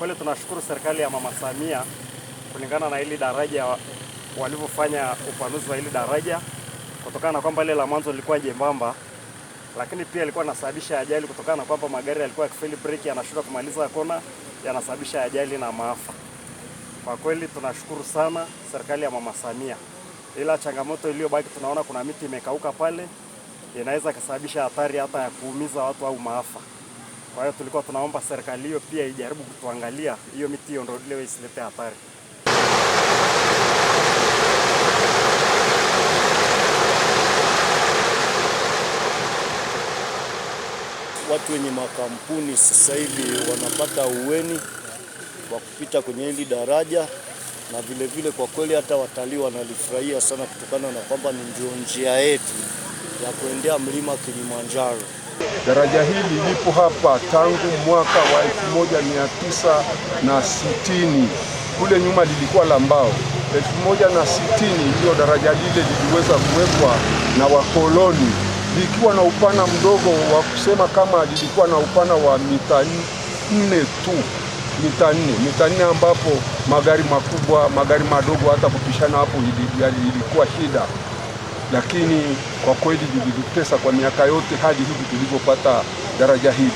kweli tunashukuru serikali ya Mama Samia kulingana na hili daraja walivyofanya upanuzi wa hili daraja, kutokana na kwamba ile la mwanzo lilikuwa jembamba, lakini pia ilikuwa inasababisha ajali kutokana na kwamba magari yalikuwa yakifeli breki, yanashindwa kumaliza kona, yanasababisha ajali na maafa. Kwa kweli tunashukuru sana serikali ya Mama Samia, ila changamoto iliyobaki tunaona kuna miti imekauka pale, inaweza kusababisha hatari hata ya kuumiza watu au maafa. Kwa hiyo tulikuwa tunaomba serikali hiyo pia ijaribu kutuangalia hiyo miti iondolewe isilete hatari. Watu wenye makampuni sasa hivi wanapata uweni wa kupita kwenye hili daraja na vilevile vile, kwa kweli hata watalii wanalifurahia sana kutokana na kwamba ni ndio njia yetu ya kuendea mlima Kilimanjaro. Daraja hili lipo hapa tangu mwaka wa 1960. Kule nyuma lilikuwa la mbao. sitini ndio daraja lile liliweza kuwekwa na wakoloni, likiwa na upana mdogo wa kusema kama lilikuwa na upana wa mita nne tu mita nne mita nne ambapo magari makubwa, magari madogo, hata kupishana hapo ilikuwa shida lakini kwa kweli Jidiluktesa kwa miaka yote hadi hivi tulivyopata daraja hili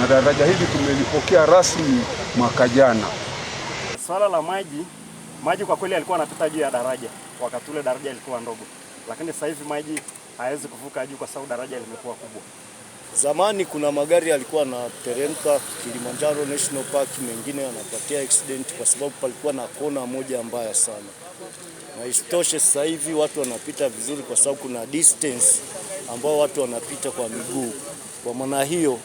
na daraja hili tumelipokea rasmi mwaka jana. Swala la maji, maji kwa kweli alikuwa anapita juu ya daraja, wakati ule daraja ilikuwa ndogo, lakini sasa hivi maji hayawezi kuvuka juu kwa sababu daraja limekuwa kubwa. Zamani kuna magari yalikuwa yanateremka Kilimanjaro National Park, mengine yanapatia accident kwa sababu palikuwa na kona moja mbaya sana na isitoshe, sasa hivi watu wanapita vizuri, kwa sababu kuna distance ambao watu wanapita kwa miguu. Kwa maana hiyo,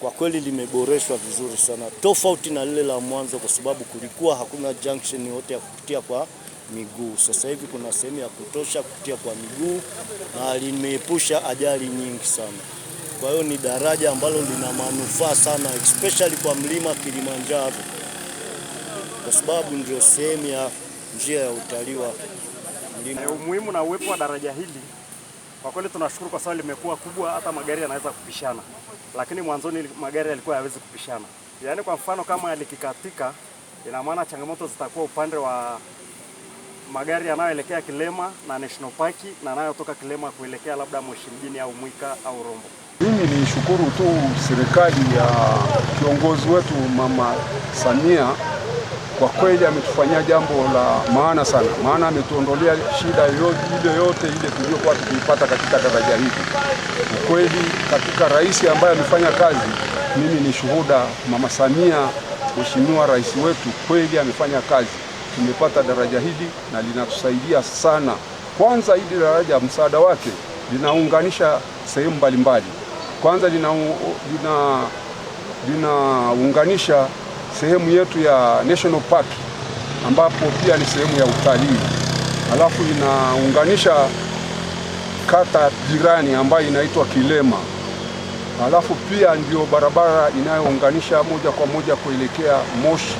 kwa kweli limeboreshwa vizuri sana, tofauti na lile la mwanzo, kwa sababu kulikuwa hakuna junction yote ya kupitia kwa miguu. Sasa hivi kuna sehemu ya kutosha kupitia kwa miguu na limeepusha ajali nyingi sana. Kwa hiyo ni daraja ambalo lina manufaa sana especially kwa mlima Kilimanjaro, kwa sababu ndio sehemu ya njia ya utalii wa mlima. Eh, umuhimu na uwepo wa daraja hili kwa kweli tunashukuru kwa sababu limekuwa kubwa, hata magari yanaweza kupishana, lakini mwanzoni magari yalikuwa hayawezi kupishana. Yaani kwa mfano kama likikatika, ina maana changamoto zitakuwa upande wa magari yanayoelekea Kilema na National Park na yanayotoka Kilema kuelekea labda Moshi mjini au Mwika au Rombo. Mimi ni shukuru tu serikali ya kiongozi wetu Mama Samia kwa kweli ametufanyia jambo la maana sana, maana ametuondolea shida ile yote ile tuliyokuwa tukiipata katika daraja hili. Ukweli katika rais ambaye amefanya kazi, mimi ni shuhuda. Mama Samia, mheshimiwa rais wetu, kweli amefanya kazi. Tumepata daraja hili na linatusaidia sana. Kwanza hili daraja, msaada wake, linaunganisha sehemu mbalimbali. Kwanza linaunganisha lina, lina sehemu yetu ya National Park ambapo pia ni sehemu ya utalii, alafu inaunganisha kata jirani ambayo inaitwa Kilema, alafu pia ndio barabara inayounganisha moja kwa moja kuelekea Moshi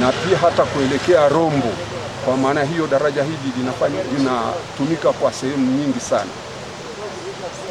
na pia hata kuelekea Rombo. Kwa maana hiyo daraja hili linafanya linatumika kwa sehemu nyingi sana.